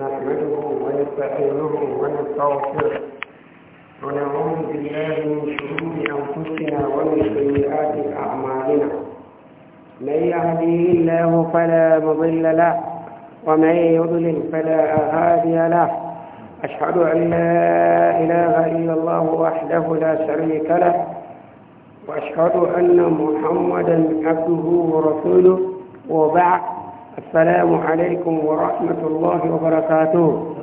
نحمده ونستعينه ونستغفره ونعوذ بالله من شرور انفسنا ومن سيئات اعمالنا من يهديه الله فلا مضل له ومن يضلل فلا هادي له اشهد ان لا اله الا الله وحده لا شريك له واشهد ان محمدا عبده ورسوله وبعد السلام عليكم ورحمة الله وبركاته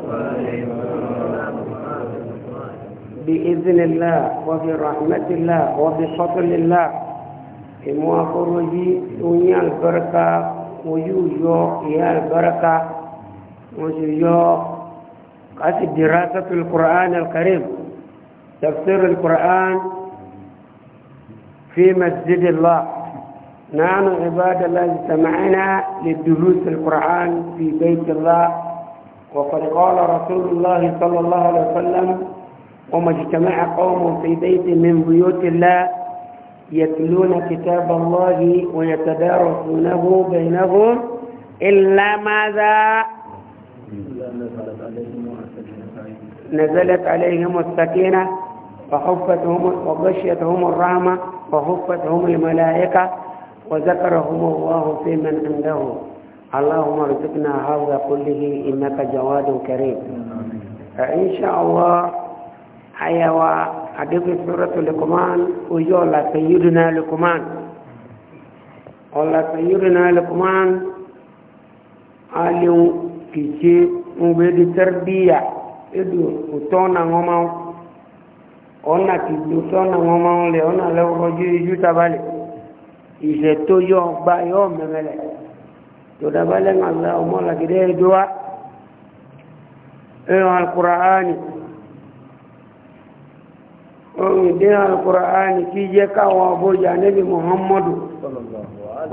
بإذن الله وفي رحمة الله وفي فضل الله إموا خروجي دنيا البركة ويوجو يا البركة ويوجو قصد دراسة القرآن الكريم تفسير القرآن في مسجد الله نحن عباد الله اجتمعنا لدروس القرآن في بيت الله وقد قال رسول الله صلى الله عليه وسلم وما اجتمع قوم في بيت من بيوت الله يتلون كتاب الله ويتدارسونه بينهم إلا ماذا نزلت عليهم السكينة وحفتهم وغشيتهم الرحمة وحفتهم الملائكة وذكرهم الله في من عنده اللهم ارزقنا هذا كله إنك جواد كريم فإن شاء الله أيوة أدب سورة لقمان وجعل سيدنا لقمان الله سيدنا لقمان أليو كيشي مبيد تربية إدو أتونا ngomao ona kidu tona ngomao le ona le rojo yuta bale ìṣẹ̀ tó yọ ọgbà yọ mẹ́mẹ́lẹ̀ tó dábà lẹ́nu àgbà ọmọ làgídẹ́ ẹjọ́ wa ẹ̀rọ alukuraani ohun ìdí alukuraani kí jẹ́ káwọn ọbọjà níbi muhammadu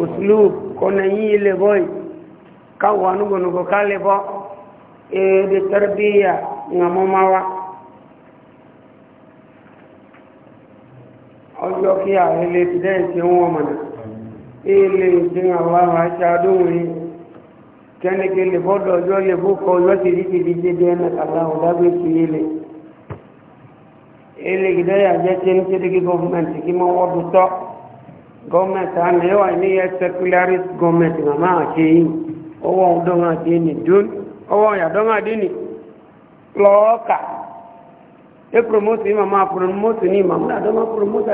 òsìlú kọ́nà yín ilé bọ́ì káwọn anúgbònúgbò kálẹ̀ bọ́ èdè tẹ́rẹ́bíyà ńàmọ́máwá. ọjọ́ kí ààrẹ lè fi dẹ́yìn tí wọ́n mọ̀nà ilé ìdí àwọn àṣà àdóhùn kẹ́nìkì lè fọ́dọ̀ ọjọ́ lè fúkọ ọjọ́ sì rí kìí dédé ẹ̀nà àláwọ̀ dágbé sí ilé ilé ìdáyà jẹ́ tí ní kédékì gọ́ọ̀mẹ̀ntì kí mọ́ wọ́dún tọ́ gọ́ọ̀mẹ̀ntì àmì ẹ̀wà ní ẹ̀ secularist gọ́ọ̀mẹ̀ntì màmá àti yìí ọwọ́ ọdún àdé nì dún ọwọ́ ìyàdọ́ àdé nì lọ́ọ̀kà ẹ promote ní màmá promote ní màmá àdọ́mà promote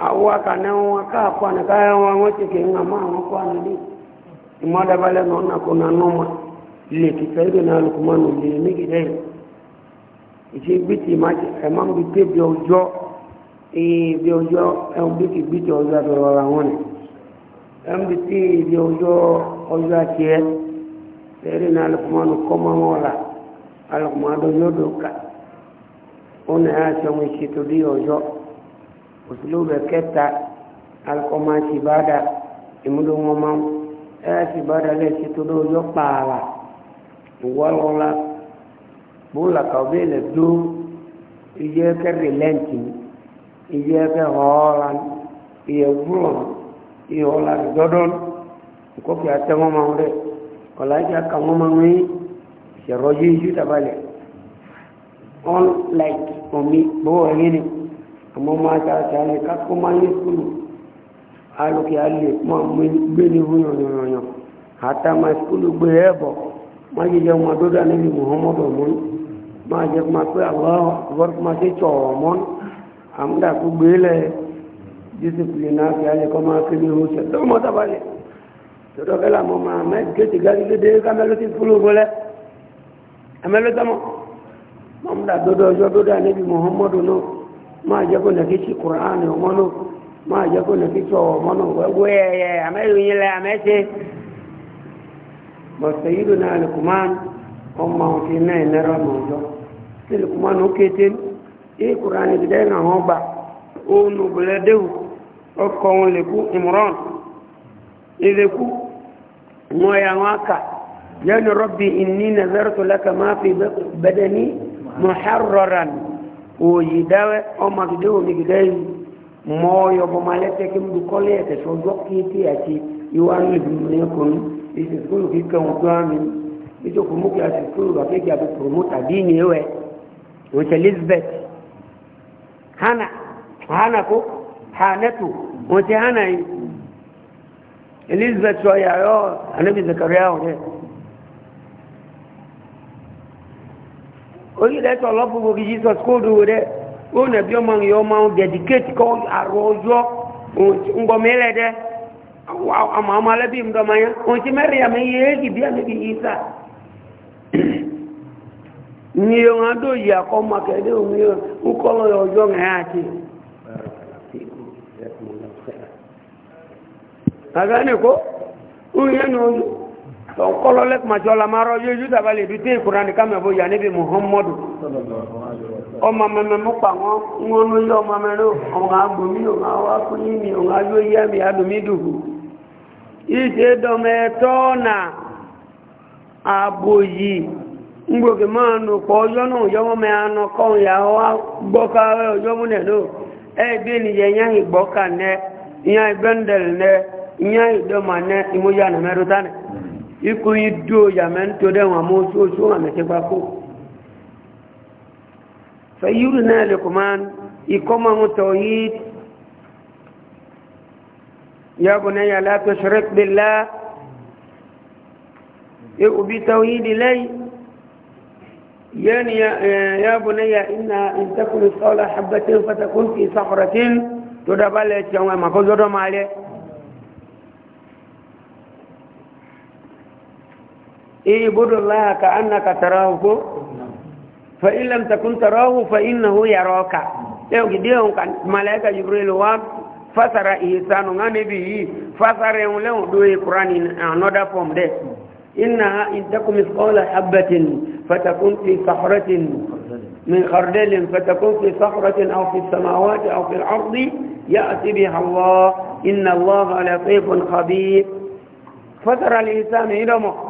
awa kana wa ka kwana kaya wa ngote ke ngama wa kwana ni imada bale naona kuna noma ile kitaido na lukumano ile miki dai ije biti maji emam biti bi ojo e bi ojo e biti biti ojo do wala ngone em biti bi ojo ojo atie ere na lukumano koma mola alukumado yodo ka ona ya chomo chito di ojo òsìlóòbẹ̀ kẹta alukọ́má ti bá dà ìmúlò wọn máa ń ẹ̀rẹ́ ti bá dà lẹ́sí tó dó ọjọ́ pààlà ìwọ́lọ́lá bóòlà kàwé lẹ̀ dó iye kẹrì lẹ́ǹtì iye kẹrì ọ̀ọ́lá iye wúlọ̀ iye ọ̀ọ́lá dọ́dọ́n nkọ́kì àtẹ́wọ́n máa ń rẹ̀ ọ̀là ìjà kàwọ́n máa ń rí ìṣẹ̀rọ̀ yíyí dábàlẹ̀ unlike omi gbówó ẹ̀yìn ni àmọ́ máa ta àṣàyẹ kákó máa yé kúrò alókè alè pọ́n àmọ́ gbé ní hu yànyànyàn àtà máa skúlù gbé ẹ̀bọ̀ máa yẹ jẹun máa dọ́dọ̀ níbi muhammad ọ̀mọ́n máa jẹ máa pé aláwọ̀ àbọ̀rọ̀ máa ṣe tsọ̀ ọ̀mọ́n àmúdà kó gbé lẹ̀ discipline náà fi alẹ́ kọ́ máa kéde hu sẹ́ lọ́wọ́ mọ́tà balẹ̀ tọ́tọ́ kẹ́lẹ́ àmọ́ máa mẹ́ gẹ́tì gàdúgbẹ́dẹ́ kámẹ́lótì kúlò bọ́lẹ̀ àmẹ́lótàmọ́ muhammad náà máa jẹ́ kó nàkí sí kùránì ọmọ́nù máa jẹ́ kó nàkí sí ọwọ́ ọmọ́nù wẹ́wẹ́ ẹ̀yẹ àmẹ́rin lẹ àmẹ́sẹ́ bọ̀sẹ̀ yìí lónà alukuman ọmọ òfin náà nẹ́rọ mọ̀jọ́ tí alukuman ó kété ní kùránì gidẹ́ náà wọ́n gbà ó nu bùlẹ́dẹ́wù ọkọ̀ wọn lè kú ìmùrán ilé kú wọn yà wọn kà yẹnu rọ́bì ìní nàzẹ́rẹ́tò lẹ́kà máa fi bẹ́dẹ̀ oyi dawe ọmọ gidi omi gidi ayi mọ ọyọ bọmọ alẹ tẹ kí n bu kọlẹ ẹsẹ sọ ọjọ kéétì àti ìwà nílùú ìlú ní kùnú ìsì sukulu kì í wọn gbọ́n mi ìjọ mú kí a sì wà kéèké àbí promota bíi ní ewẹ wọn elizabeth hana hana kó hanetu wọn tẹ hana yìí elizabeth sọ yà yọ anabi zakaria wọn tẹ. orí ilẹ̀ tọ̀ lọ́pù gbogbo jesus kóòdù rẹ̀ ó nẹ̀bí ọmọ yìí ọmọ ohun dedicate kọ́ àrò ọjọ́ ńgbọ mẹ́lẹ̀ dẹ́ àmọ́ ọmọ alẹ́bí ìmúdọ́mọ yẹn ohun tí mẹ́rin àmì yìí èyí bí àmì bí yìí sà ní ohun adó yìí àkọ́ ọmọ akẹ́dẹ́ ń àti. tọ́n kọ́lọ́ lẹ́kùnmáṣọ́ la máa rọ́jọ́ yóò dàbà lè dúté ìkúra ní kámẹ́bó yà níbi muhammadu ọmọ mẹ́mẹ́ mú pa wọ́n wọ́n ló yọ ọmọ mẹ́rin ọmọ agbòmí ọmọ awá fún yìí ọmọ ayó yá mi adùnmí dùkú ìṣe dọ̀mẹ́ tọ́ọ̀nà àbòyí anọ n'e, n'e, ikú yí dúó yàmẹ́ ń tó dẹ́wọ̀n mú oṣooṣù àmẹ́tẹ́gbá kó fẹ̀yúrù náà lè kò máa ikọ́mọ̀ ń tọ̀ yí yàbò náà yàlá tó ṣẹ̀rẹ́ pẹ̀lá òbí tọ̀ yí lẹ́yìn يعني يا بني إن إن الصلاة حبة فتكون في صخرة تدبلت يوم ما كنت ما عليه اعبد الله كأنك تراه فإن لم تكن تراه فإنه يراك يو جديهم كان ملائكة جبريل واب فسر انسان نبي فسر له دو القران another form ده إنها إن تكن مثقال حبة فتكون في صخرة من خردل فتكون في صخرة أو في السماوات أو في الأرض يأتي بها الله إن الله لطيف خبير فترى الإنسان إلى مؤمن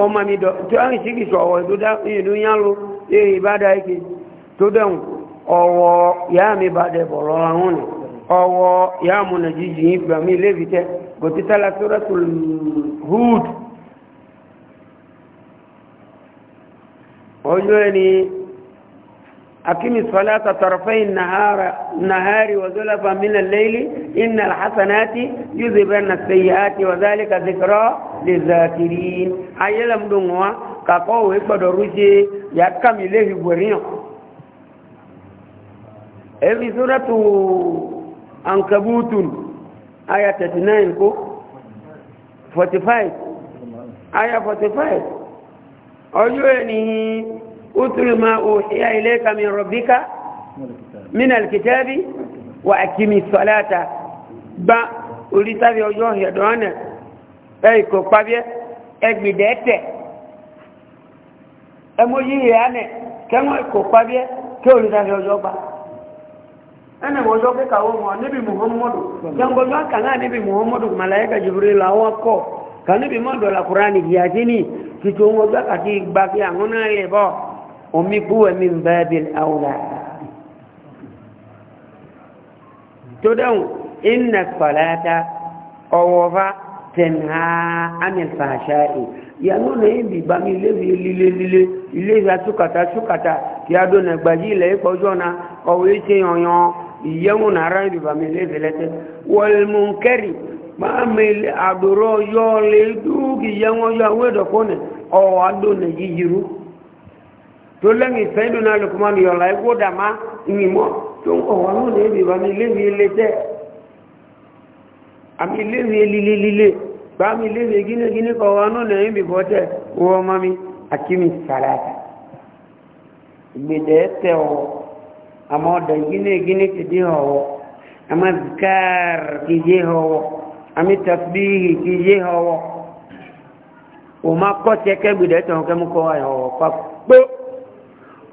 ọmọ mi dọ̀ tí wọ́n sì kìí sọ̀wọ̀ ìlú yánlu eré ìbádá ike tó dẹ̀hùn ọwọ́ ìyá mi bá dẹ̀bọ̀ bụ àwọn nì ọwọ́ ìyá mu nà jíjì tẹ́ kò ti tẹ́lá hood ọjọ́ ẹni أقم الصلاة طرفي النهار النهار وزلفا من الليل إن الحسنات يذهبن السيئات وذلك ذكرى للذاكرين أي لم دموا كقو يقدروشي يكم إليه بريق في سورة أنكبوت آية 39 45 آية 45 أجوني اتل ما اوحي اليك من ربك من الكتاب واقم الصلاه با اوليتابي اوجو هدوان اي كو بابيه اغبيدته emoyi yane kemo ko pabie ke olida jojo ba ana mojo ke kawo mo nabi muhammadu jango yo kana nabi muhammadu malaika jibril awako kanibi mo do la qur'ani yatini kitongo ga kati ba ki angona lebo omi kúwẹ̀ mi ń bá bí àwòrà tó dáhùn iná kọ̀láta ọwọ́ bá tẹ̀nà amìfàṣà ẹ̀ ìyàwó náà yìí bí bá mi lébi líle líle ilé ìyá túkàtà túkàtà kí a dọ̀nà gbàjí ilẹ̀ ìpọ̀jọ́ náà ọ̀wọ́ ìṣe yanyan ìyẹ́wò náà ara ìbí bá mi lébi lẹ́tẹ̀ wọ́lmùnkẹ́rì máa mi àdúró yọ lè dúkì yẹ́wọ́n yọ àwọn ìdọ̀kọ́ náà ọ̀wọ́ adó nàìjíríyìí tó lẹ́yìn ìfẹ́ndù náà lùkùmọ́ ni ọ̀la ẹgbó dàmá ìyìnmọ́ tó ń kọ̀ wọn lónìí èdè bá mi léwu ilé tẹ́ àmì léwu lílé lílé bá mi léwu gínígíní kọ̀ wọn lónìí èdè bọ́ tẹ́ wọ́n mọ́ mi àti mi sàràtà gbèdé tẹ́ ọ àmọ́ ọ̀dà gínígíní ti dé ọ̀wọ́ àmọ́ zikar ti dé ọ̀wọ́ àmì tasbihi ti dé ọ̀wọ́ òun máa kọ́ tiẹ́ kẹ́ tẹ̀ wọn kẹ́ mú kọ́ ọ̀wọ́ pa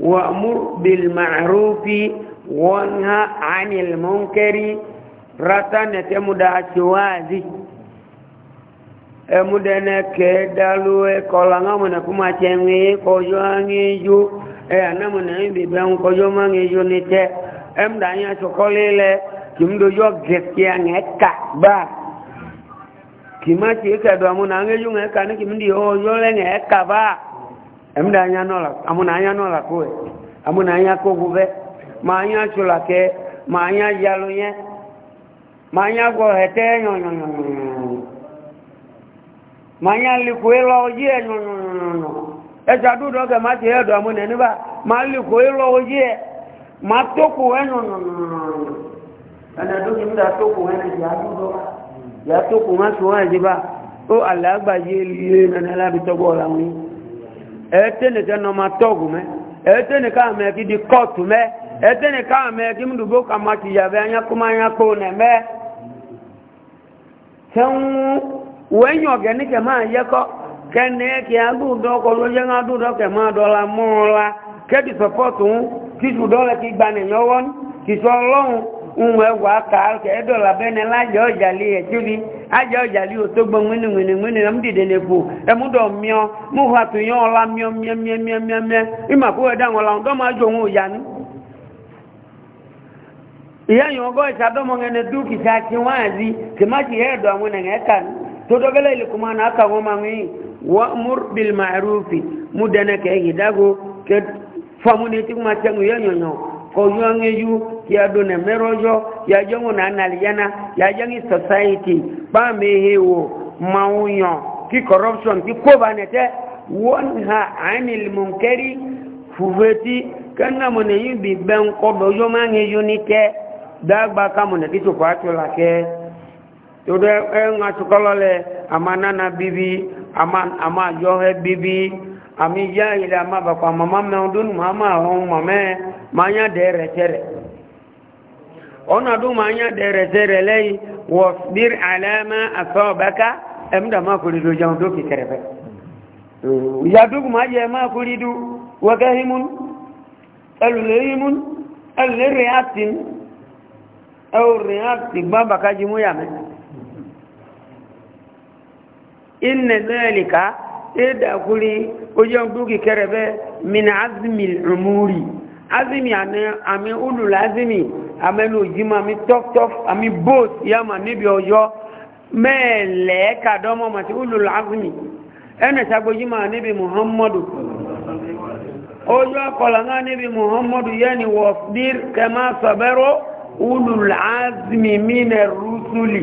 وأمر بالمعروف وانهى عن المنكر رتنة مدعشوازي emudene ke dalue kolanga mona kuma chenge kojo angeju e anamona imbi ben kojo mangeju nite emdanya chokolele kimdo jo gekia ngeka ba kimachi ka do mona angeju ngeka ni emde anya n'ọla na anya n'ọla amụ na anya kogube ma anya chụla ke ma anya yalụnye ma anya gwọ hete ma anya likwu ịlọ ojii nyonyonyonyo ẹja dúdọ kẹ má ti ẹdọ amúnẹ níbà ma likwu ịlọ ojii ma tókù ẹ nyonyonyonyo ẹnẹ dókì níta ya na nìyà dúdọ ya ẹ̀ẹ́tẹ́nì kẹ́ nọ ma tọ́gù mẹ́ ẹ̀ẹ́tẹ́nì ká mẹ́ kí di kọ́ọ̀tù mẹ́ ẹ̀ẹ́tẹ́nì ká mẹ́ kí ka ma ti yàbẹ́ ka anyakpo nẹ mẹ́ sẹ́wọ́n wẹ́nyọ̀ gẹ́ni kẹ́ máa yẹkọ́ kẹ́ni kí agúdọ́ kọ́ ló yẹ́ agúdọ́ kẹ́ máa dọ́la mọ́ ọ la kẹ́ẹ̀dì sọ́pọ́ọ̀tù ń kí nwe aka ka ka edola benela aja ọjali ejuli aja ọjali otogbo nwene nwene nwene na mdide na-ekwu emudo mmịọ mụ hatụnye ọla mmịọ mmịọ mmịọ mmịọ mmịọ mmịọ ịma kwuweda nwụla ndọ ma ajọ onwe ihe anyị ọgọ ịsadọmọ ngene dukisa chi nwaanyị kemachi ihe edo ilikuma na aka nwoma nwii wa'mur bil ma'rufi mudana ka hidago ke ya done merojo ya jongo na analiana ya jangi society ba mehewo maunyo ki corruption ki ko banete wonha anil munkari fuveti kana mone yibi ben ko dojo mangi unite dagba kamone kitu kwa chola ke todo e eh, ngatukolole amana na bibi aman ama johe bibi ami ya ila maba kwa mama meudun mama hon mama manya dere chere ọ̀nà ọdún máa ń yá dẹ̀rẹ̀dẹ̀rẹ̀ lẹ́yìn wọ̀sbír àlẹ́mà àfẹ́ọ̀bẹ́ká ẹ̀mdà máa kò rí dojan tó fi kẹrẹ̀fẹ́ ìyàdúkù hmm. máa yẹ máa kò rí dú wọ́gẹ́ himun ẹlùlẹ̀ himun ẹlùlẹ̀ reactin ẹ̀wọ̀ reactin gbá bàkájí mú yàmẹ́ inẹ̀ zẹ́ẹ̀lìká ẹ̀dà kò rí ojan tó fi kẹrẹ̀fẹ́ min azmil umuri azimi ane ame ulul azimi ame no jima ami tof tof ami boat yama níbi ọjọ́ mẹ́ẹ̀lẹ́ kàdọ́mọ́ màtí ulul azimi ẹnì sago jima níbi muhammadu ọjọ́ kọlọ́ngá níbi muhammadu yẹni wọ́fdír kẹmà sọ̀bẹ́rọ ulul azimi mí nà rúsùlì.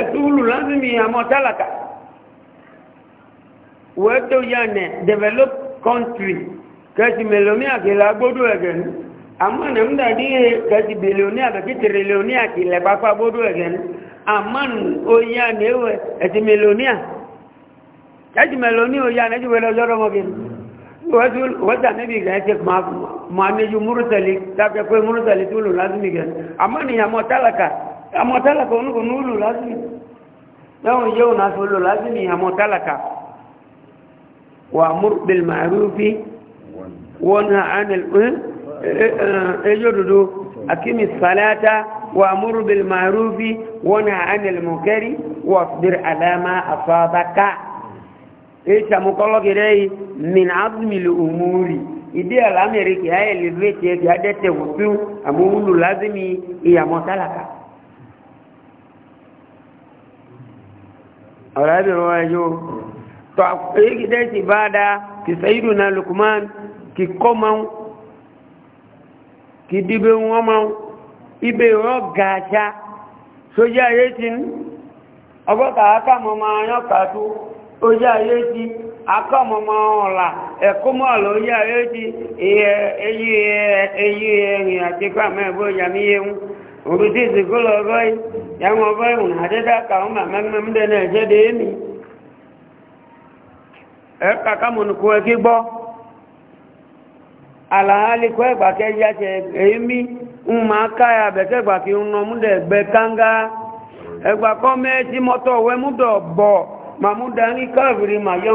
ẹ̀túlù láti mi àmọ́ tálàkà wọ́n tó yà nẹ̀ develop country kẹsì mẹlòmí àkìlẹ̀ agbódò ẹ̀gẹ̀ ní àmọ́ nà ń dàdí kẹsì bìlíọ̀ní àbẹ̀kí tìrìlíọ̀ní àkìlẹ̀ pápá agbódò ẹ̀gẹ̀ ní àmọ́ ó yà nẹ̀ ẹ̀wẹ̀ ẹ̀sì mẹlòmí à kẹsì mẹlòmí ó yà nẹ̀ ẹ̀sì wẹ̀lẹ̀ ọjọ́ ọmọge wọ́n tà níbi ìgbà ẹ̀sẹ̀ máa níjú múrùtẹ̀lì tàbí ẹ̀kọ́ àmọ́ tálàkà oníkò ní òlò lásìmì láwọn yóò náà fi òlò lásìmì àmọ́ tálàkà wà múrùbìl màrúfí wọ́n na ẹjọ́ dúdú akími salata wà múrùbìl màrúfí wọ́n na anil mọ̀kẹ́rí wà fìdír alama afábáká ìṣàmùkọ́lọ́gẹ̀rẹ́ yìí ìdí àlámẹ̀rẹ̀ kìí ayẹ̀lẹ̀ fẹ́ tiẹ̀ kìí adẹ́tẹ̀ wọ́pẹ́ àmọ́ òlò tálàkà ọ̀rẹ́bìnrin wọn yóò tọ́ èyí dẹ́ ti bá dá kì sẹ́yìdù na lukman kì kọ́ máa kì dìbẹ̀ wọn máa ibẹ̀ rọ́ gàájá sójú ayé ti ń ọgọ́ta akámọ́ máa yán yàwọn ọba ìwọ̀n àdẹ́dàkà ọmọ àmẹ́mẹ́mẹ́dẹ́ náà jẹ́ dé mi ẹ̀ka kámọ̀nùkú ẹgbẹ́ gbọ́ àlàálẹ́kọ́ ẹgbàkẹ́ yàtẹ̀ èémí ń ma káyà bẹ̀kẹ́ gbàkí ń nọ múdẹ̀ ẹgbẹ́ káńgá ẹgbàkọ́ mẹ́ẹ̀tí mọ́tọ̀ wẹ́ múdọ̀ bọ̀ màmúdà ní káàbìrì ma lé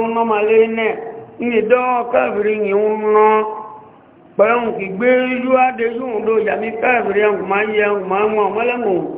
ìdọ́ káàbìrì yìí ń pẹ̀lú yúwádé yóò yàmí káàbìrì yẹ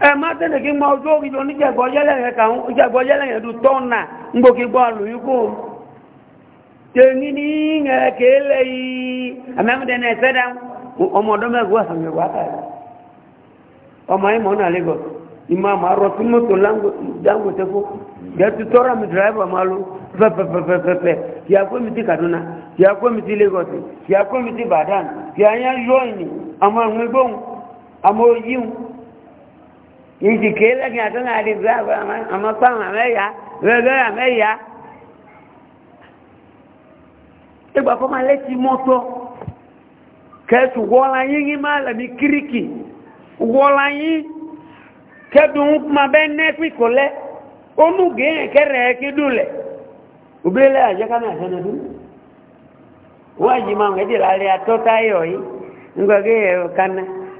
E, tẹ́lẹ̀ kí mọ ojú orí lóní jẹ̀gbọ́jẹ́lẹ̀yẹ̀ tó tọ́nà ngbòkí gbọ́ àlùyíkò ní ìyẹn yìí àmẹ́mùdẹ̀ na ẹ̀sẹ́ ọmọ a lagos àmọ́ yíun ìdìké lẹ́kìn àtúnà àdìgbò àmọ́ pàmò àmẹ́yà lọ́dọ́ àmẹ́yà ìgbà máa lẹ́tí mọ́tọ́ kẹ́ẹ̀tù wọ́la yí máa lẹ̀mí kíríkì wọ́la yí kẹ́dùn máa bẹ́ nẹ́pì kò lẹ́ onúgé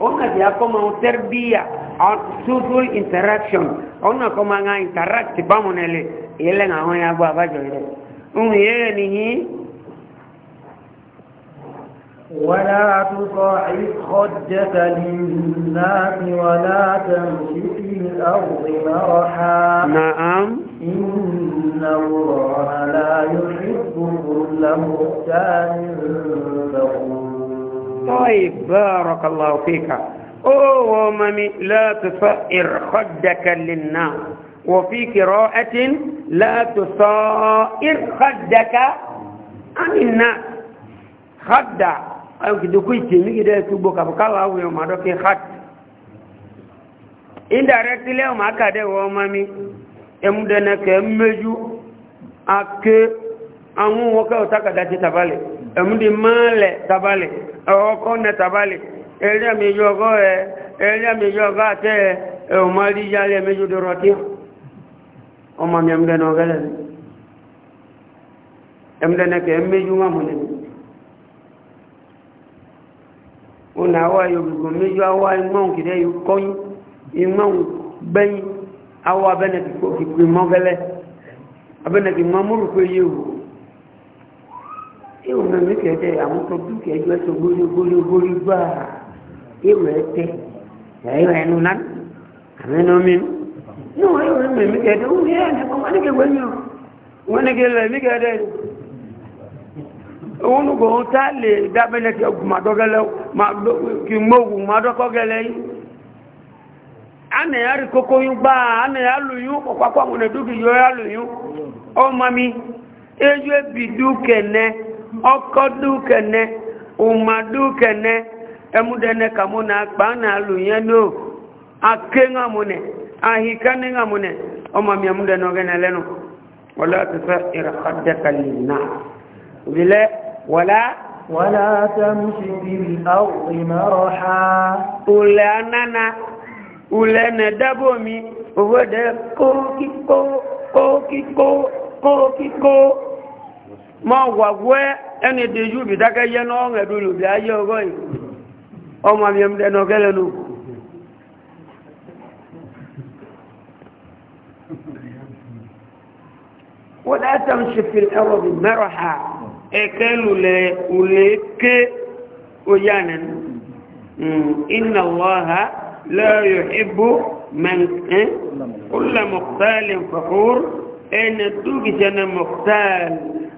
ona dia koma un terbia on social interaction ona koma nga interact bamonele ile nga hoya gwa bajo ile un yeye ni hi ولا تصعد خدك للناس ولا تمشي في الأرض مرحا نعم إن الله لا يحب كل مختال فخور طيب بارك الله فيك أوه مامي لا تفئر خدك للناس وفي قراءة لا تصائر خدك عن الناس خد أو كده كويتي ميجي ده تبوك أبقال أو يوم أدوكي خد indirectly ọmọ akadẹ wọ ọmọ mi ẹmúdẹnẹkẹ mẹjú ake àwọn wọkẹ ọtakàdá ti tàbálẹ̀ ẹ̀múdi máa lẹ̀ tabali ọkọ̀ nẹ tabali ẹ̀rí ọgọ́ ẹ̀ ẹ̀rí àmìjọ ọgọ́ àtẹ́ ẹ̀ ẹ̀wọ̀n rí yálẹ̀ méjì dọ̀rọ̀ tí ọmọ mi ẹ̀múdẹ̀ náà gẹ́lẹ̀ ewu mɛ keede kɛtɛ amutɔ du kɛtɛ ɛtɔ gbolo gbolo gbolo gbaa ewu ɛtɛ ɛyɛ wɛ nụ nan ame na mi nu ewu mɛ mi ya wu yɛ ɛnɛkɔ wani kɛ wɛ nyɔ wani kɛ lɛ ta le dabɛnɛ kɛ gumadɔ ma do kì mɔ gumadɔ kɔ yi ana ya ri koko yi gbaa ana ya yi kɔkɔ ọ ya yi ọkọ dúkẹ̀nẹ́ ọmọ dúkẹ̀nẹ́ ẹmúdẹ́nẹ́ kàmú na gbà náà lù yẹn ló aké ńàmúnẹ̀ àhìká ní ńàmúnẹ̀ ọmọ mi ẹmúdẹ́nẹ́ ọgẹ́nẹ́ lẹ́nu wọlé àtúfẹ́ ìràkọ́dẹ́kà lè nà òbílẹ̀ wọlá. wọlá tẹ́mùsì bíi àwọn ìmọ̀ràn ha. òlẹ̀ anána òlẹ̀ nẹ̀ dábò mi òwò dẹ́ kó kíkó kó kíkó kó kíkó ma wagwe ẹni di ju bi dákẹ́ yẹ náà ọ̀rẹ́ dúró bí ayé ọgọ́ yìí ọmọ mi ẹmdẹ náà kẹ́lẹ̀ nù wọ́n dá tẹ́ ṣe fi ẹrọ bí mẹ́rọ ha ẹ̀kẹ́ lulẹ̀ ulẹ̀ ké oyá nínú iná na mọ̀kútàlì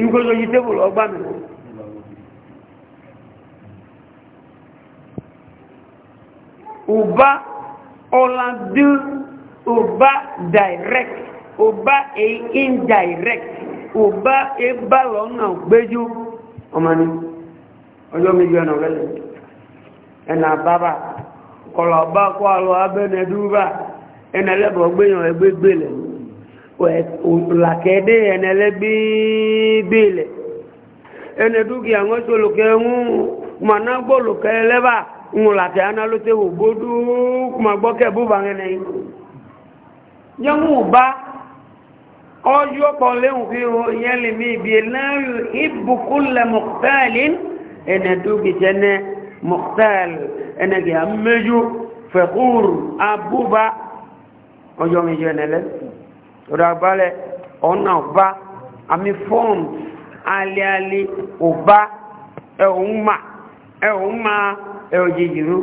ìgbóso yìí tébùlù ọgbà mi ọba ọ̀làdú ọba direct ọba a indirect ọba ẹgbà lọ́nà gbẹ́jú ọmọ ni ọjọ́ méjì ọ̀nà ọ̀rẹ́lẹ̀ ẹ̀nà bàbà kọlọ̀ ọba kọ́ àlọ́ abẹ́nẹ́dúrà ẹ̀nà ẹlẹ́bọ̀ gbẹ́yàn ẹgbẹ́gbẹ́ lẹ́nu làkẹ́dẹ́ ẹ̀nẹ́lẹ́ gbígbélẹ̀ ẹni dúkìá wọ́n tó lòkẹ́ ń mọ̀nà gbọ́ lòkẹ́ lẹ́bà ń làkẹ́ análótẹ́ wò gbódú kùmà gbọ́kẹ́ búba ẹni yẹ́mú bá ọjọ́ pọ̀ léhùn fi hàn yẹn lè mi ìbí láàrù ìbùkúnlẹ̀ mọ̀tẹ́ẹ̀lì ẹni dúkìá ẹni mọ̀tẹ́ẹ̀lì ẹni kìí fẹ̀kúrù abúba ọjọ́ mi jẹ́ ràbálẹ̀ ọ̀nà ọba àmì fọ́ọ̀m alẹ́alẹ́ ọba ẹ̀hùn mà ẹ̀hùn mà ẹ̀ọ̀jẹ̀jìrú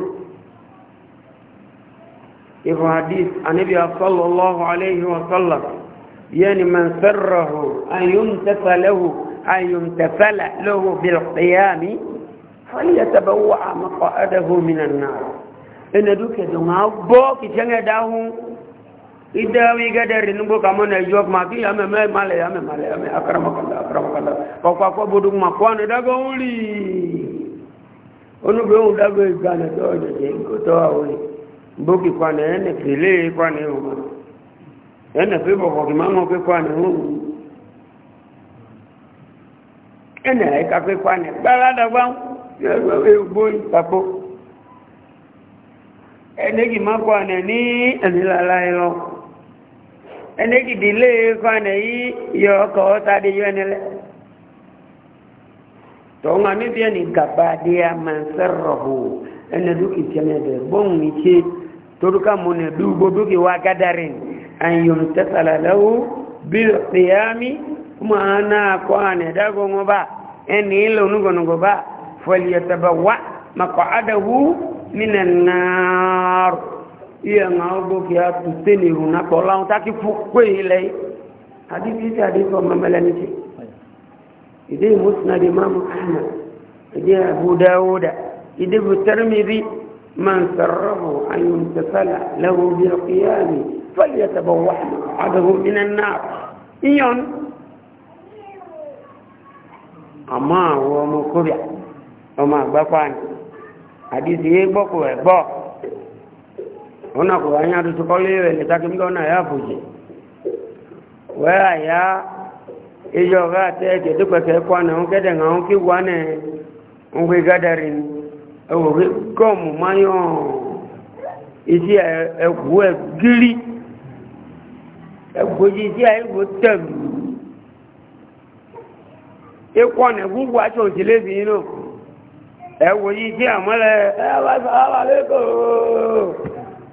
ìfọ̀ hadith anábì asọ́lọ́lọ́hùn aléhì wọ́sọ́lọ́ yẹni man sẹ́rọ̀hù ayọ́mtẹ́fẹ́lẹ́hù ayọ́mtẹ́fẹ́lẹ́hù bilkiyami fọ́lẹ́yẹtẹ̀bẹ̀wọ́ àmọ́kọ̀ ẹ̀dẹ̀hù mìíràn náà ẹnẹ́dúkẹ̀dùn àwọn bọ́ọ̀kì jẹ́ngẹ̀dáhùn idawi gadari nubo kamo na jok maki ya me male ya me male ya me akrama kanda akrama kanda kwa kwa kwa buduk makwane dago uli onu be un dago igana kile kwane uma ene pipo kwa kimango ke kwane uma ene aika ke kwane balada ya boy papo ene ki makwane ni ene la ẹnẹ́gìdì lè kọ́ ẹ̀nẹ̀ yí yọ ọkọ̀ ọ́ta dé yọ ẹni lẹ́ tọ́wọ́n àmì bí ẹni gàba dé a máa ń sẹ́rọ̀ hù ẹni dúkì tí ẹni ẹ̀dẹ̀ gbóhùn ìṣe torúkà mọ́ ní ẹ̀dúgbò dúkì wá gádàrín àyùn tẹ́sàlà lẹ́wọ́ bí ìyámi máa náà kọ́ àná ẹ̀dágbó wọn bá ẹni ilẹ̀ onúgbọ̀nùgbọ̀ bá fọlìyẹ̀tẹ̀bẹ̀ wá màkọ́ àdàwù mí iye ŋa gbó kí a tù sẹ́ni ìrùnà pọ̀ láwọn tákì fún pé ilẹ̀ yìí àdìsí tí àdìsí ọmọ mẹlẹ́ni ti ìdí ìmúsùnàdì máàmù ahmed ìdí àbúdáwódà ìdí bùtẹ́rìmìdì máa ń sọ̀rọ̀ àyùn tẹ̀sálà lẹ́wọ̀ bí ọkùnrin fẹ́lẹ̀ tẹ̀bọ̀ wà àdàbò nínú náà ìyọ̀n àmọ́ àwọn ọmọ kóbíà ọmọ àgbápá ni àdìsí yé gbọ́kù ẹ̀ gbọ́. unakufanya tutukolewe nitaki mdona yapuje wea ya ijo ga teke dukwe ke kwane onke de nga onki wane onki gadarin owo komu mayo isi eku egiri e, e, isi tem acho ino yi ti amole e wa sa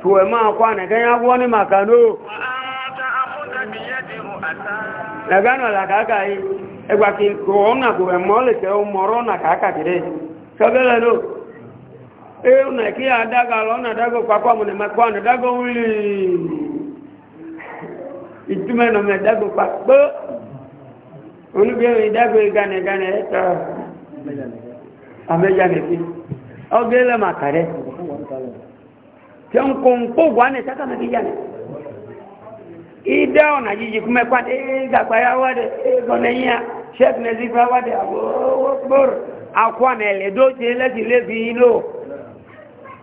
ṣùwẹ̀ máa kọ́ na wọ́n ní màkànó ẹgbẹ́nà làkàkà na ẹgbà kí kòrónà kò rẹ̀ mọ́ lè tẹ́ mọ́rọ́ nà kàkà kìrẹ́ ṣọ́gẹ́lẹ̀ ló ewu nà kí àdága lọ́nà dágò papọ̀ mọ̀ nìmọ̀kọ́ ànà dágò wílì ìtumẹ̀nà mẹ́ dágò papọ̀ tẹ́n kò ń kó wà ní sákàmì kíjà ní ìdá ọ̀nà jíjì kúmẹ́ pàdé gàgbáyà wádẹ ẹgbọ̀nẹ́yìn ṣẹ́kìnẹ́sí fẹ́ wádẹ àgbòrò akọ́nà ẹ̀lẹ́dọ́jẹ́ lẹ́sì lẹ́fi ìlò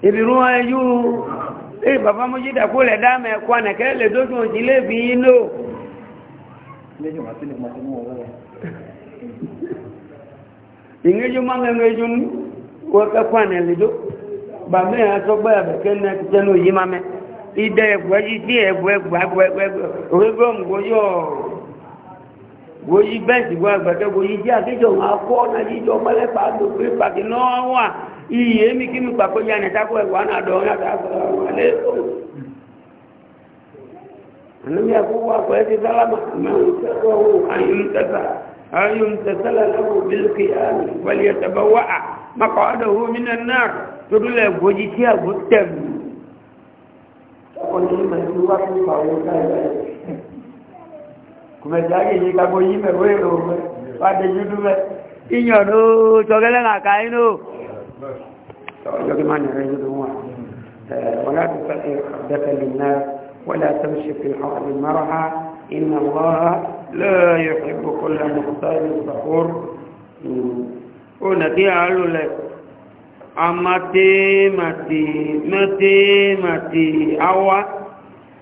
ìbìrún ẹyú èyí bàbá mú jídà kó lẹ̀ dáàmẹ́ ẹ̀kọ́nà kẹ́lẹ́dọ́jẹ́ lẹ́fi ìlò ìgbẹ́jọ́ máa ń gbẹ́jọ́ ní wọ́n kẹ́kọ́ ba mee a gbọ́ ẹ̀bẹ̀ kí ẹ̀ na ní òyí mamẹ́ ìdẹ ẹ̀gbọ́ yìí sí ẹ̀gbọ́ ẹ̀gbọ́ ẹ̀gbọ́ ẹ̀gbọ́ orígbọ́n gbóyọ̀ bẹ́ẹ̀sì gbọ́ ẹ̀gbẹ̀kẹ́ gbóyí jẹ́ àkíjọ wọn akọ́ ọ̀nà mọ́lẹ́pà náà wà iye mi kí mi pàkó náà dọ̀ ọ́nà lé ẹ̀ ti makọ̀ọ́dọ̀wó mínà náà torúlẹ̀ gbòjì tí àgbò tẹ̀mù ọkọ̀ yìí mẹ́rin wá fún ìpàwọ̀ káyọ̀ kùmẹ̀tà yìí kagbó yìí mẹ́rin wé rò mẹ́ wá dé yúdú mẹ́ ìyàn ló tọ́gẹ́lẹ́ nà ká inú ọjọ́ kí máa nìrẹ́ yúdú wọn wọlá tó fẹ́ bẹ́fẹ́ lè ná ó nàkí àálò lẹ amátémàtì mẹ́témàtì awa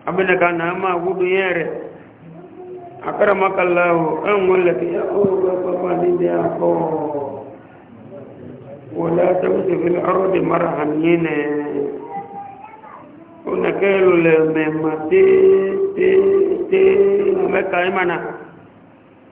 abinaka na ama gudu yẹn rẹ akaramakala o ẹ̀wọ̀n lẹ́kí ó gbọ́gbọ́gbọ́ níbi àkọ́ wọlé atẹ́wọ́sẹ̀ fi arọ́dì mara hàn yín nẹ ó nàkẹ́ lò lẹ mẹ́mà téé téé téé mẹ́ka ẹ̀ mánà.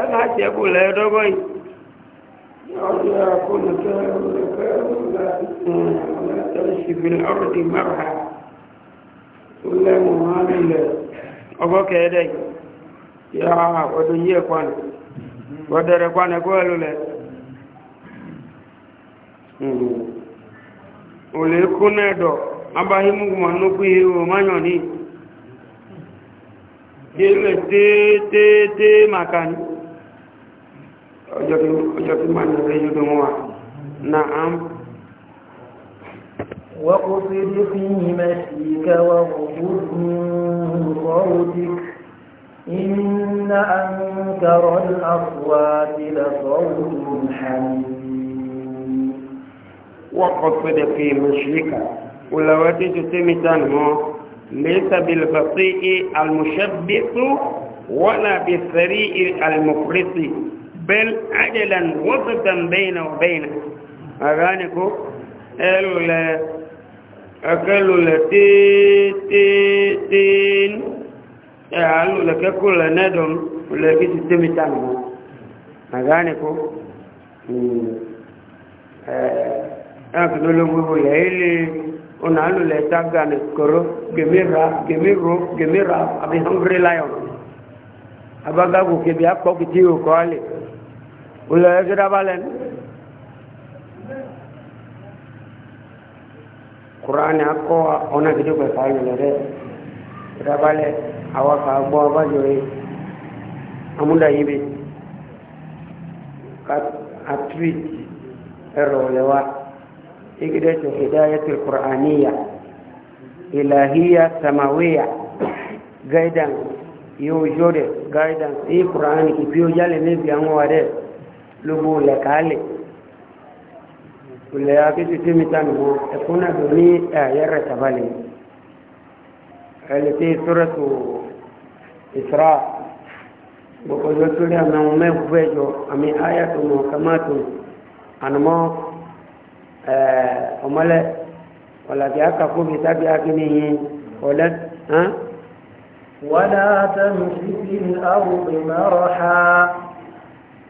ẹ̀mà jẹ́bù lẹ́ẹ̀dọ́gbọ́ yìí ọjọ́ akọ́nàtọ́ ọ̀rẹ́kọ́ ọ̀rẹ́kọ́ kú ní, ilẹ̀ màkà ní. ọjọ́ tí máa nílé yóò وقصد في مشيك واغضب من صوتك إن أنكر الأصوات لصوت الحميد وقصد في مشيك ولواتي تسمتان هو ليس بالبطيء المشبث ولا بالسريء المفرط bel ajalan wasatan baina wa baina agane ko elule akalule ti ti tin ya alule ke kula nedom ule kiti temi tango agane ko eh akdolo eh, mwo ya ile ona alule tagane koro gemira gemiro gemira abi hungry lion abaga ko akpo kiti ko ulọ ẹgbẹ́ra bá lẹ́nu kùránì akọ́ ọ̀nà ìdíjọba ìfàyè lẹ́rẹ́ ẹgbẹ́ra bá lẹ́ àwọn kan gbọ́ abájọ yìí amúdà yìí bi katri ẹ̀rọ lẹ́wà igidẹ́ tó hidayat kùránìyà ilahiya samawiya guidance yóò jọ dẹ guidance yìí kùránì ìfi ojú alẹ́ níbi lóbo ilẹ̀ káàlẹ̀ ilẹ̀ akéjìtì mítà nìbò ẹ̀kún náà tó ní ẹ̀yẹ rẹ̀ sábàlẹ̀ ẹ̀lẹ́tẹ̀ sọ́rọ̀tò ìsra gbogbo ọjọ́ tó rí àmì àwọn mẹ́wọ́ fẹ́ jọ àmì ayàtò mọ̀ kàmáàtò ànàmọ́ ọmọlẹ́ ọ̀làbí akàkó mi tábí akíní yín ọ̀lẹ́ wọ́n á tẹ̀lé sí ìlú àwòrán mẹ́rọ̀ ha.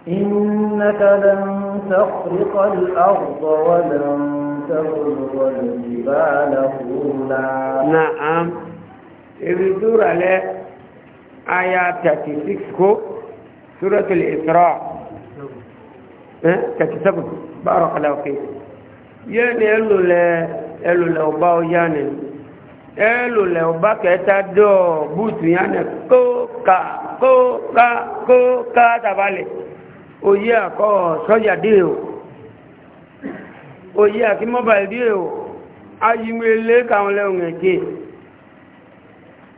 إنك لن تخرق الأرض ولن تبلغ الجبال طولا نعم الدور على آيات 36 كو سورة الإسراء 37 بارك الله فيك يعني قالوا له قالوا له باو يعني قالوا له باك تدو بوت يعني كوكا كوكا كوكا تبالي oyé àkọ́ sọ́jà dé o oyé àti mọ́bàlì dé o ayinwe lé kàwọn lẹ́wọ̀n ẹ̀kẹ́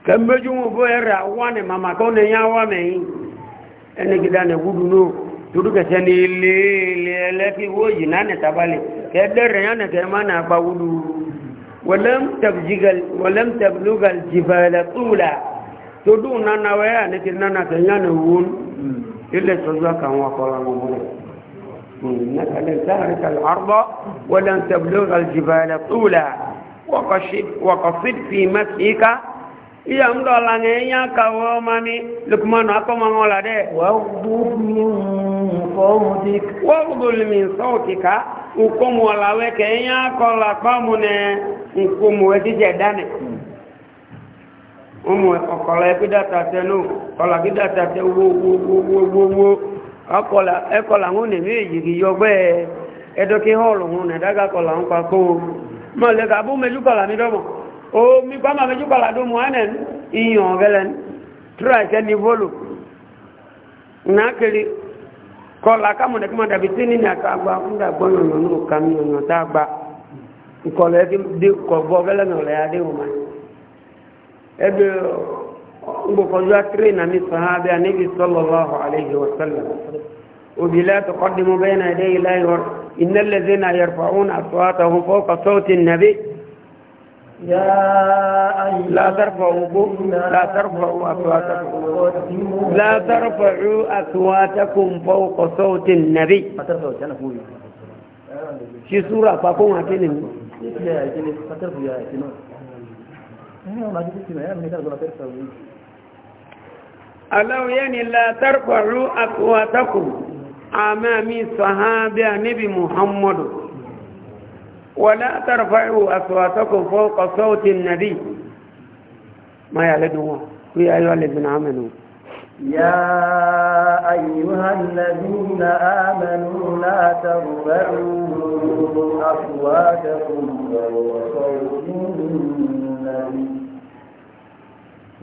kẹ́mbẹ́jú wọn bó ẹ̀rẹ̀ àwọn ni màmá tó ní yá wà mẹ́yìn ẹni gidá ní wúdú náà torí kẹsẹ́ ní ilé ilé ẹlẹ́kí wó yìí náà nẹ̀ta balẹ̀ kẹ́ẹ̀dẹ́rẹ̀ yá nẹ̀kẹ́ má nà pa wúdú wọlẹ́m tẹ̀blúgal jìbẹ̀lẹ̀ kúrúlà tó dùn nánà wẹ́yà ní ti nánà tẹ̀yán ní wọ́n إلا تزكى وقال الله إنك لن تهلك الأرض ولن تبلغ الجبال طولا وقصد, وقصد في مسحك iya ń dọ̀la ní ẹ̀yà kàwọ́ ọmọ ní lukumanu akọ́mọ wọn là dẹ́. wọ́gbùdùlù mi sọ́ọ̀ kíkà nkómo ọ̀làwẹ̀ kẹ̀ ẹ̀yà kọ́ làpá mu nẹ̀ nkómo ẹ̀ jíjẹ̀ dánẹ̀. ụmụ ọkọla e. ebidatatenu ọla bidatate wogwogwogwogwo ọkọla ẹkọla ńwó nèmi èyí kì yọgbẹ ẹdọkí họọlù ńwó nẹdága kọla ńwó kakó mọlẹ kàbú mẹjúkọla mi dọmọ omi pàmò mẹjúkọla dọmọ ẹnẹn kọla kàmọdé kọmọ dàbí tíní ní àkàgbà ńdà gbọnyọnyọ nù a nkọlọ kọgbọ ya dị ebe ngbokozwa train ni sahabi anabi sallallahu alayhi wa sallam وبلا تقدموا بين يدي الله إن الذين يرفعون أصواتهم فوق صوت النبي يا أيوة لا ترفعوا لا ترفعوا أصواتكم لا ترفعوا أصواتكم فوق صوت النبي في سورة فقوم أتنين إيه، ألو يعني لا ترفعوا أصواتكم أمام صحابة نبي محمد ولا ترفعوا أصواتكم فوق صوت النبي ما يعلنوا في أيها الذين آمنوا يا أيها الذين آمنوا لا ترفعوا أصواتكم فوق صوت النبي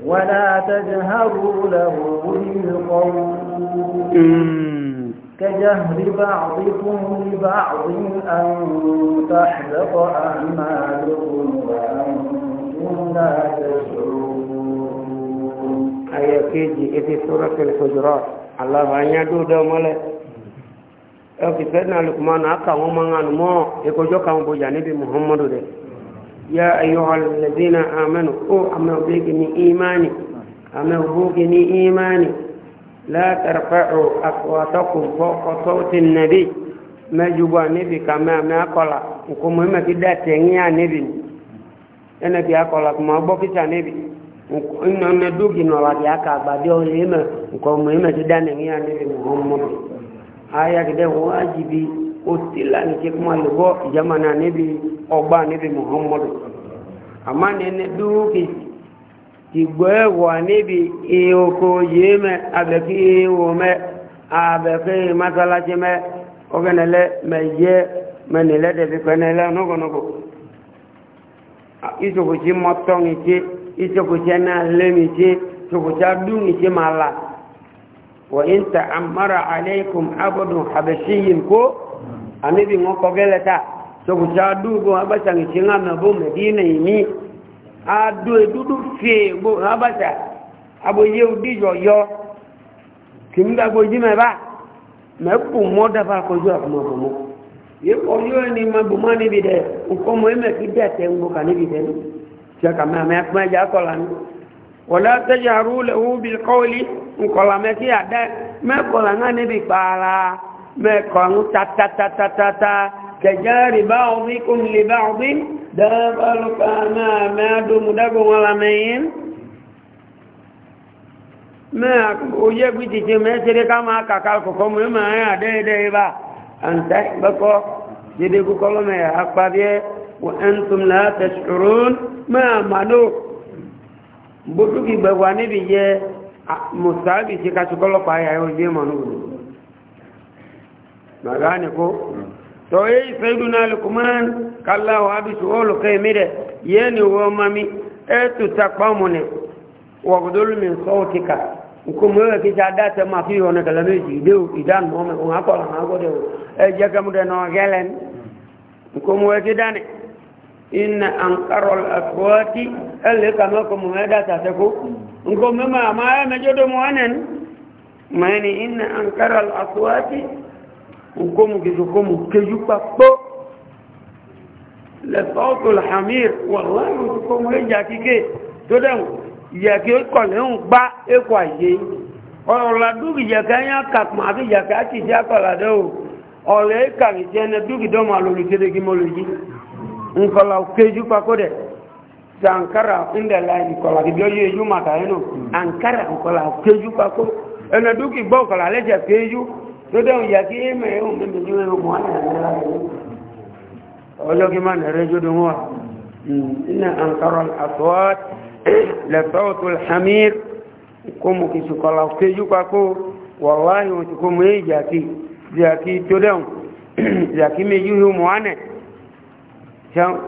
ولا تجهروا له بالقول كجهر بعضكم لبعض أن تحبط أعمالكم وأنتم لا تشعرون آية كيجي في سورة الحجرات الله أن يدود ملك ẹ̀kì fẹ́ẹ́ náà lùkùmọ́ náà kà wọ́n mọ́ ń hàn mọ́ ẹ̀kọ́jọ́ kà wọ́n bójá níbi muhammadu rẹ̀ يا أيها الذين آمنوا أو أما إيماني أما بيكني إيماني لا ترفعوا أصواتكم فوق صوت النبي ما جوا نبي كما ما قال وكم ما كده تنيا نبي أنا بيا قال ما بقيت نبي إن أنا دوكي نولا بيا كعبادي أولي ما وكم ما كده تنيا نبي محمد آية كده واجبي otila ni ke kuma lugo jamana nebi ogba nebi muhammadu ama nene duki ti gbẹwọ nebi eoko yie mẹ abẹki ewo mẹ abẹki masalasi mẹ ọgẹnẹlẹ mẹ yẹ mẹ nílẹ dẹbi pẹnẹlẹ nọgọnọgọ isokosi mọtọni tse isokosi ẹnalẹmi tse isokosi aduni tse ma la wọ in ta amara aleikum abudun habesiyin ko. anibi ngo kogele ta so ku cha du go abacha ngi chinga na bo medina ini adu edudu fie bo abacha abo ye udi jo yo kimda go jime ba me ku moda ba ko jo akuma bo mo ye ko yo ni ma bo mani bi de ko mo eme ki de te ngo ka ni bi de cha ka ma me akuma ja ko lan wala tajaru lahu bil qawli nkola me ki ada me ko la ngani bi para mẹ́kọ̀ àwọn tatatatata kẹjá rìbá ọdún kò ní lè bá ọdún dábàlùkà náà mẹ́àdùnmùdágbò wọn lamẹ́yìn mẹ́ oyé gbìtìtì mẹ́sẹ̀rẹ́ ká máa kàkà kọ̀kọ́ mú ẹmà ẹ̀ àdẹ́ẹ̀dẹ́ ibà àǹtà ìgbẹ́kọ́ dédé kúkọ́ lọ́mẹ́ àpàbíẹ́ wọ́n láti ṣùrún máa mànó bótúkì gbẹ̀wà níbi yẹ mùsàábì sí kàtùkọ́lọ́pàá yà yóò jẹ́ mọ̀nú gbogbo Magani ko to yi sayyiduna lukman kallahu abisu wolo kai mire yeni wo mami etu takpamune wa gudul min sautika kuma ki ta da ta ma fi wona kala me ji de idan mo me ko ha ko ha go de e je kam de no gelen kuma ki dane inna anqarul aswati alle kama ko mu da ta ta ko ko me ma ma me jodo mo anen mani inna anqarul aswati وكم كم كيجوبا بو لصوت الحمير والله كم هي كيكي تدم يا كي كلهم با اكو اي ọ̀rọ̀lá dúkìjẹ̀kẹ́ yá kàkùnmà àti ìjẹ̀kẹ́ àti ìjẹ́ àkọ̀làdẹ́ ò ọ̀rẹ́ ìkàrìtì ẹni dúkìdọ́mà lórí kédegí mọ́lòyí nkọ̀lá kéjú pakódẹ̀ ti ankara ndẹ̀lá ìkọ̀lá kìbí ọyọ́ èyú màkà ẹnu ankara nkọ̀lá kéjú pakó ẹni dúkìgbọ́ ọ̀kọ̀lá lẹ́jẹ̀ kéjú lódé òun yàtí èèmọ̀ ẹ̀hùn mímí ní ẹ̀rọ mọ́ ọjọ́ kí máa nẹ̀rẹ́ jódó wọn iná àǹkárọ̀ àtọ́wàt lẹ́tọ́ọ̀tọ̀ hamir kó mú kì sùkọ̀lá kéjú pápó wàláhì wọn ti kó mú èyí yàtí yàtí tó dẹ̀hùn yàtí méjì hù mọ́ ánẹ̀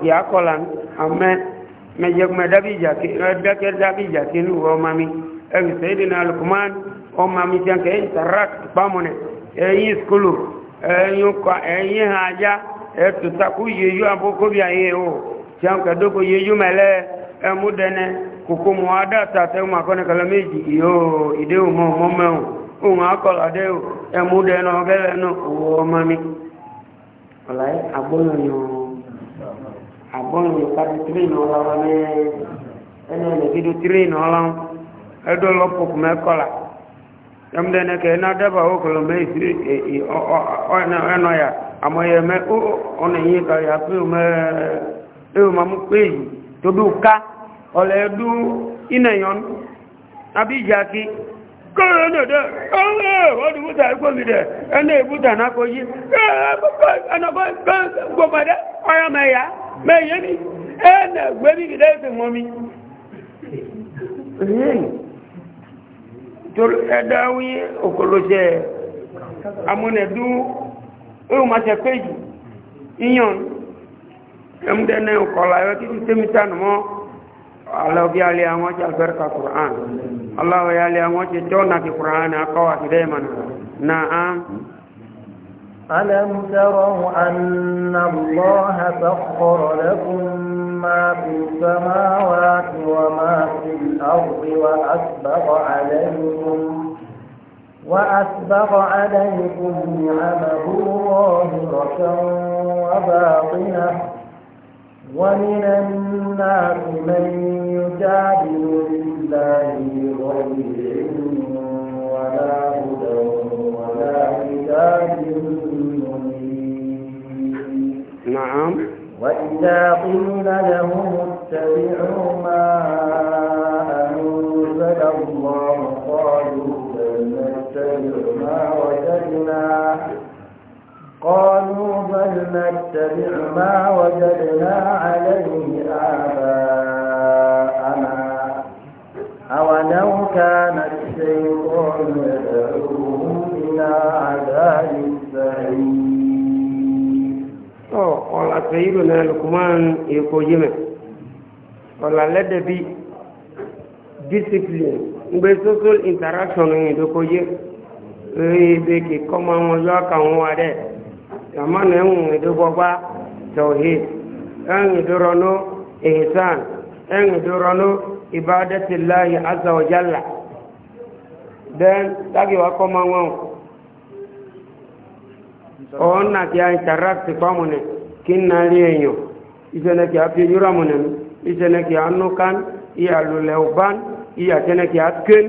yàkọ̀lá amẹ́ mẹjẹkùnmẹ́ dábì yàtí ẹ̀dákẹ́ dábì yàtí ọmọ mi jẹ́ kẹ́ ìtàrà pàmò ẹ̀yìn skulu ẹ̀yìn ya, hàn ajá ẹ̀tùtakú yẹjú bia àyè o tí a ń kẹ́dókò yẹjú mẹ́lẹ́ ẹmú dẹ́nẹ kòkó mọ́ adáta tẹ́wọ́n akọ́nìkàlà méjì yóò ìdéhùn mọ́ ọmọ mẹ́wọ̀n ohun o ẹmú dẹ́nà náà ọmọ mi. tírínì emdene ke na daba okolo me isi ẹnọ e, e, ya àmọ́ yẹ mẹ ka ya o mẹ ewu ma mú ka yìí tóbi ká ọ̀lẹ́ dú iná yọnu àbí ìjà kí mi tolu ẹdáwí òkòlóṣẹ amúnẹdú ohun ma ṣe péjì yíyàn ẹmúdẹ́nà ọkọ̀lá ẹwẹ́ títí tẹ́mítà nùmọ́ aláwọ̀bí alẹ́ àwọn ọjọ́ alberta kùrán aláwọ̀ àwọn na jọ́nà ti kùrán akọ́wà في السماوات وما في الأرض وأسبغ عليكم وأسبغ عليكم نعمه ظاهرة وباطنة ومن الناس من يجادل لله بغير علم ولا هدى ولا كتاب منير نعم وإذا قيل لهم اتبعوا ما أنزل الله قالوا بل نتبع ما وجدنا قالوا بل نتبع ما وجدنا عليه آباءنا أولو كان الشيطان يدعوهم إلى عذاب السعير ọ̀la tó yìí lónà lukuman èkó yìí mẹ́ ọ̀la lẹ́dẹ̀bi discipline ngbe social interaction yìí lóko yìí ee bẹ́ẹ̀ kì í kọ́ máa aka wọn wa dẹ́ àmọ́ nà ń wọ̀n ìdúgbọ́gbá tọ̀hìn ẹ̀ ń dúró ní ona kia interact pamune kinna lienyo isene kia piyura munen isene kia anukan iya luleuban iya tene kia ken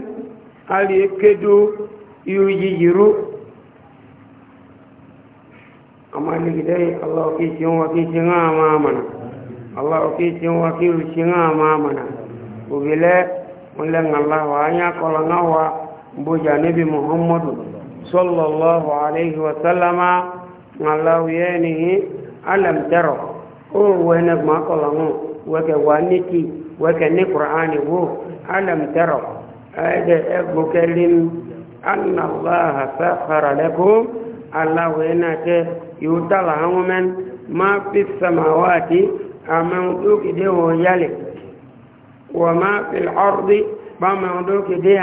ali ekedu yuji jiru amani gidai allah ki tin wa ki tin ama mana allah ki tin wa ki tin ama mana ubile mulen allah wa anya kolanga wa mbuja nabi muhammadu صلى الله عليه وسلم الله يانه ألم ترى أو وينك ما قلنا وكوانتي وكني قرآن هو ألم ترى هذا مكلم أن الله سخر لكم الله ينك يطلع من ما في السماوات أمن دوك دي وما في الأرض ما من دوك دي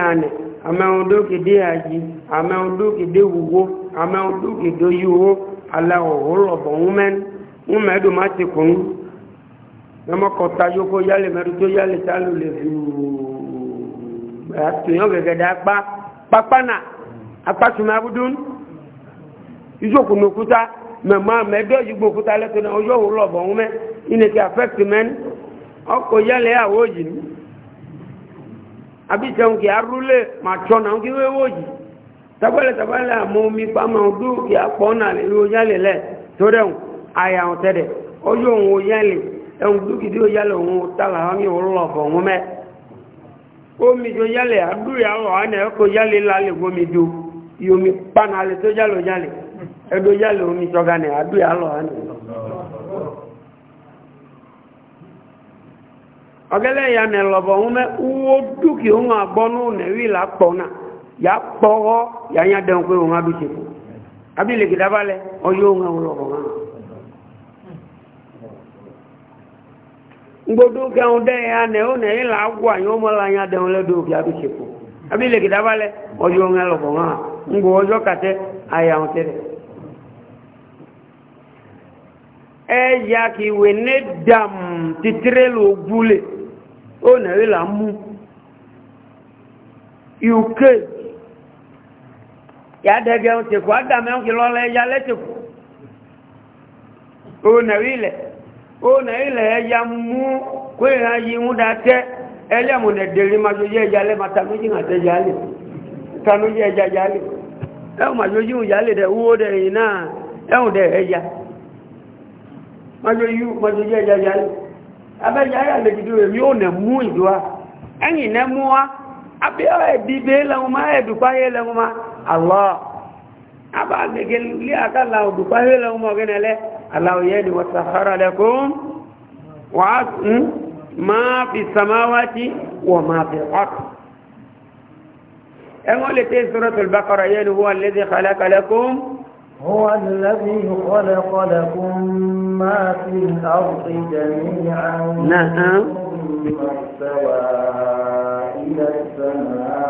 amẹ́hun dókè dé àjí amẹ́hun dókè dé wúwo amẹ́hun dókè dé yíwó aláwọ̀ òwúrọ̀bọ̀ ńmẹ́n ńmẹ́dù má ti kùn ún mẹ́mọ́kọta yókó yálẹ̀ mẹ́rin tó yálẹ̀ sálù lè fi àtúnyàn gẹ̀gẹ̀dẹ̀ apá pápánà apásùnmọ́ abúdún ìjókòó ní òkúta mẹ́mọ́ mẹ́dọ́ yìí gbòkúta lẹ́tọ̀ọ́ ọjọ́ òwúrọ̀bọ̀ ńmẹ́ ìnìkì àfẹ́kìmẹ́n ọkọ̀ yálẹ̀ àwọ̀ yìí abijan kì á rúlé màá tsọ́ náà kí wéwó yìí tabalẹ̀ tabalẹ̀ àmọ́ omi pàmò ọdún kì á pọ̀ náà lè yóò yálẹ̀ lẹ̀ tó dẹ̀ àyà wọn tẹ́lẹ̀ ọjọ́ òun ò yálẹ̀ dúkìdí ò omi tó yálẹ̀ àdúrà ọ̀ ẹ̀kọ́ yálẹ̀ yomi pàmò alẹ́ tó yálẹ̀ yálẹ̀ ẹ̀dọ́ yálẹ̀ omi ní àdúrà ọ̀ ọ̀gẹ́lẹ̀ ya nẹ lọ́bọ̀ ń mẹ́ wó dúkì ń àgbọ́ ní ònẹ̀wí làpọ̀ náà yà ń pé òun kù ọyọ́ òun gbogbo kẹun dẹ́ ya nẹ ònẹ̀wí làgbọ́ àyàn ọmọ la lẹ́dọ̀ òkè kù abílẹ̀ kìdábalẹ̀ ọyọ́ òun ń gbọ́ ọjọ́ kàtẹ́ ẹ yà kí dàm ó nẹ̀rí là ń mú uk yàdẹ̀gẹ̀ òtèkù ádámẹ́hùn kí lọ́lẹ̀ ẹ̀yà lẹ́tẹ̀kù ó nẹ̀rí ilẹ̀ ó nẹ̀rí ilẹ̀ ẹ̀yà mú kó ìran yìí ń da tẹ́ ẹlẹ́mù nẹ̀dẹ̀rí majojú ẹ̀yà lẹ́mà tanújì àtẹ́ yálè tanújì ẹ̀yà yálè ẹ̀hùn dẹ̀ wúwo dẹ̀ yìí náà ẹ̀hùn dẹ̀ ẹ̀yà abẹ́jẹ́ ayé àlejò rẹ̀ yóò nẹ̀ mú ìdúwà ẹ̀yìn nẹ́ mú wa abẹ́ ẹ̀bí bẹ́ lẹ́wọ́n máa ẹ̀dùpáyé lẹ́wọ́n máa àlọ́ abá gẹ́gẹ́ lé àkàlà òdùpáyé lẹ́wọ́n máa ọ̀gẹ́ nẹ́lẹ́ aláwòyẹ́ ni wọ́n sàfárà هو الذي خلق لكم ما في الأرض جميعا نعم ثم استوى إلى السماء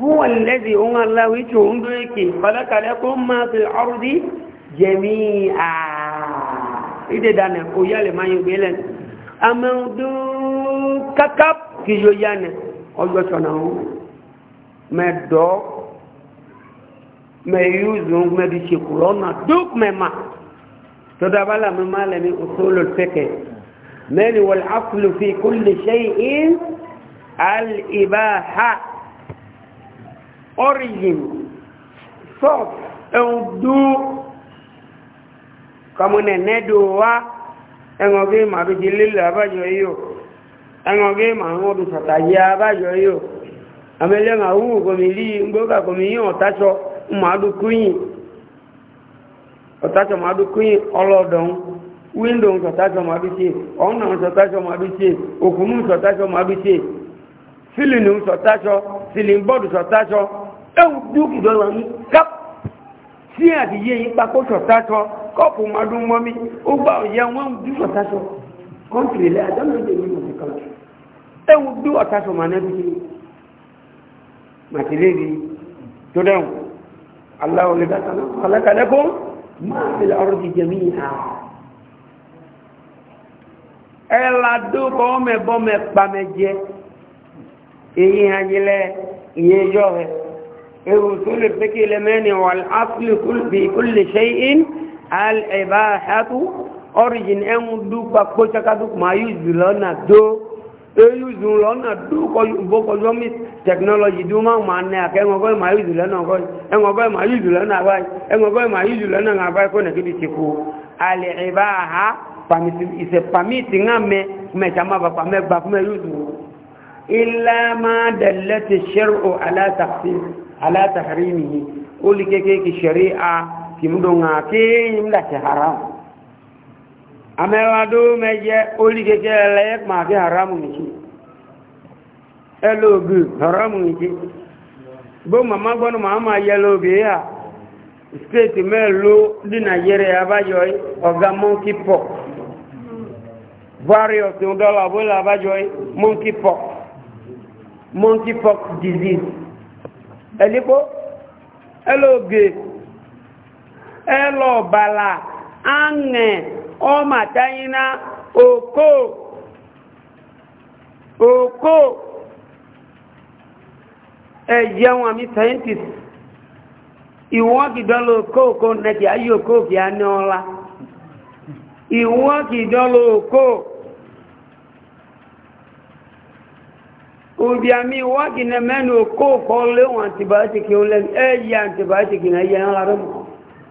هو الذي هو الله يتوندك خلق لكم ما في الأرض جميعا إذا دانا قويا لما يقولن أما دو ككب كيجو يانا أجو سنة مدوك mɛ yuzu mɛ di se kurɔna duk mɛ ma tɔdaba la mɛ ma lɛ ni usolo tɛkɛ mɛ ni wal aflu fi kulli shay'in al ibaha origin source ɛn du kamune ne do wa ɛŋɔ bi ma bi di lili abajɔ yi o ɛŋɔ ma ŋɔ bi sata yi abajɔ yi o amɛlɛ ŋa wu gomi li mmadukunyi ọ̀tàṣọ mmadukunyi ọlọ́dọ̀n windo sọ̀tàṣọ mmadúṣe ọ̀nà sọ̀tàṣọ mmadúṣe òkùnmù sọ̀tàṣọ mmadúṣe sílìnì sọ̀tàṣọ sílìnbọ́ọ̀dù sọ̀tàṣọ ẹ̀wù adịghị dọ́wà ní káp kọpụ àdìyẹ yìí pakó sọ̀tàṣọ kọ́ọ̀pù الله لباسنا خلق لكم ما في الأرض جميعا ẹ̀làdó kọ́ mẹ́bọ́ mẹ́pàmẹ́jẹ́ èyí hàjílẹ̀ ìyẹjọ́ rẹ̀ èrò tó lè pékè lẹ́mẹ́ni wà áfílì kúlè ṣe in al'ẹ̀bá àṣátú origin ẹ̀hùn dúpa kó ṣakadùkù máa eyu zu lɔna do kɔju bo kɔju mi technology do ma ma nɛ akɛ ŋɔ kɔɛ ma yi zu lɛna kɔɛ ɛŋɔ kɔɛ ma yi zu lɛna e kɔɛ ɛŋɔ ma yi zu lɛna ŋa kɔɛ kɔɛ nɛgɛ tsi ko ali ɛba e ha pamisi ise pamiti ŋa mɛ mɛ caman ba pamɛ ba kumɛ yi zu ila dɛlɛ ti sɛri o ala tafi ala tahiri mi oli keke ki sɛri a kimu do ŋa kee mi la ti haram. amẹ́wàdó mẹ́jẹ́ olíkẹ́kẹ́ ẹlẹ́yẹ́kùnmà àti haramu nìkí ẹlòògì haramu nìkí bó màmá gbọ́nà màá máa yẹ lóògì yà stéètì mẹ́lò ní nàìjíríà abájọ́ ọ̀gá monkey pox various ní dọ́là monkey pox monkey pox disease ọmọ na òkó òkó ẹ̀yẹ wọn àmì scientist ìwọ́n kì dọ́lọ nẹ́kì ayé òkóòkì á ní ọlá ìwọ́n kì dọ́lọ òkóò obi ami wọ́n kì nẹ́mẹ́nu òkóòkó léwọ̀n antibiotic ẹ̀yẹ na náà yẹ ń mọ́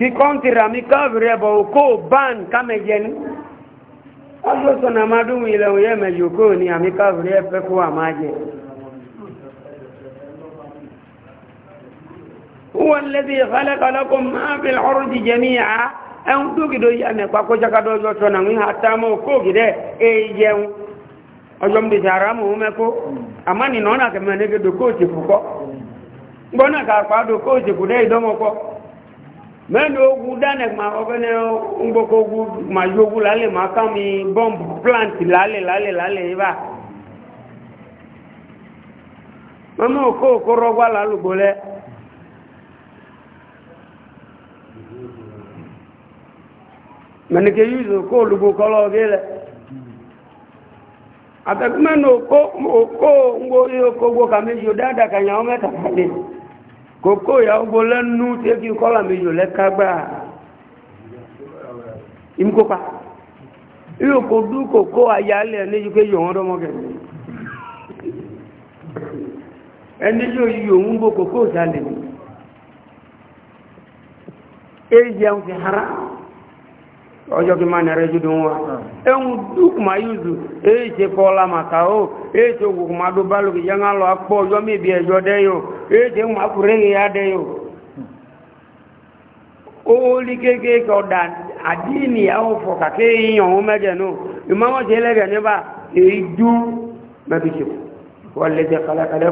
kí kọ́ntìrà mi káàbìrì ẹ̀bọ̀ e òkó bán kámẹ́jẹ ní ọjọ́sọ̀ na máa dùn ilẹ̀ òye mẹ́jọ kó ní àmì káàbìrì ẹ̀fẹ́ kó wà máa jẹ wọ́n lẹ́bí ìfẹ́lẹ́kọ̀lọ́kùn máa fi ọrùn jíjẹ ní à ẹun tó gìdó yà ní pàkó jákàdọ́ ọjọ́ tọ́nà ń ha tá mọ́ kó gìdẹ́ èyí jẹun ọjọ́ mbèsè ara mọ̀ mẹ́kó àmá nìnà ọ̀nà kẹmẹ́ ní gẹ́dọ̀ kóòtì fúkọ́ gbọ́nà kàpàdọ̀ kóòtì fúdẹ́ ìdọ́mọ́kọ́ mẹ́nu ogun dánẹ̀ ma ọgbẹ́nẹ́ ńgbọ́kọ̀ ogun ma yí ogun lálẹ́ ma ká mi bọ́m̀bù plant lálẹ́ lálẹ́ lálẹ́ yìí bá mọ́mọ́ òkó òkó rọ́gbà lálùgbò lẹ́ mẹ́nìkẹ́ yìí òkó olùgbò kọ́lọ́ ọgẹ́ lẹ́ àtẹ̀kùmẹ́nu òkó òkó ńgbó yí òkó gbó kàmí yóò dáadáa kànyà ọmọ ẹ̀ta kàlẹ́ koko ya gbó lẹ́nu tí ó kí kọ́là méjò lẹ́kágbà ìmúkópa yóò kò dú kòkó ayálẹ̀ ẹni yóò kéjò wọn dọ́mọ́gẹ̀ ẹni yóò yíò ń bó èyí jẹun ti hara ọjọ́ kí máa nẹ̀rẹ́ jùdú wọn ẹ̀hùn dúkùmá yùzù èyí ṣe kọ́ọ́lá màkà ó èyí ṣe òkùnkùnmá tó bá lòkè yẹn lọ apọ̀ ọjọ́ mẹ́bí ẹjọ́ dẹ́yọ èyí ṣe ń makùrẹ́ ìyá dẹ́yọ. ó lí kéékèèké ọ̀dà àdínì àwọn fọ̀ kàké yíyan ọ̀hún mẹ́jẹ̀ náà ìmọ̀wọ́n ṣe lẹ́gẹ̀ẹ́ níbà èyí dú mẹ́bí ṣe wọ́n lẹ́jẹ̀ kálákálẹ́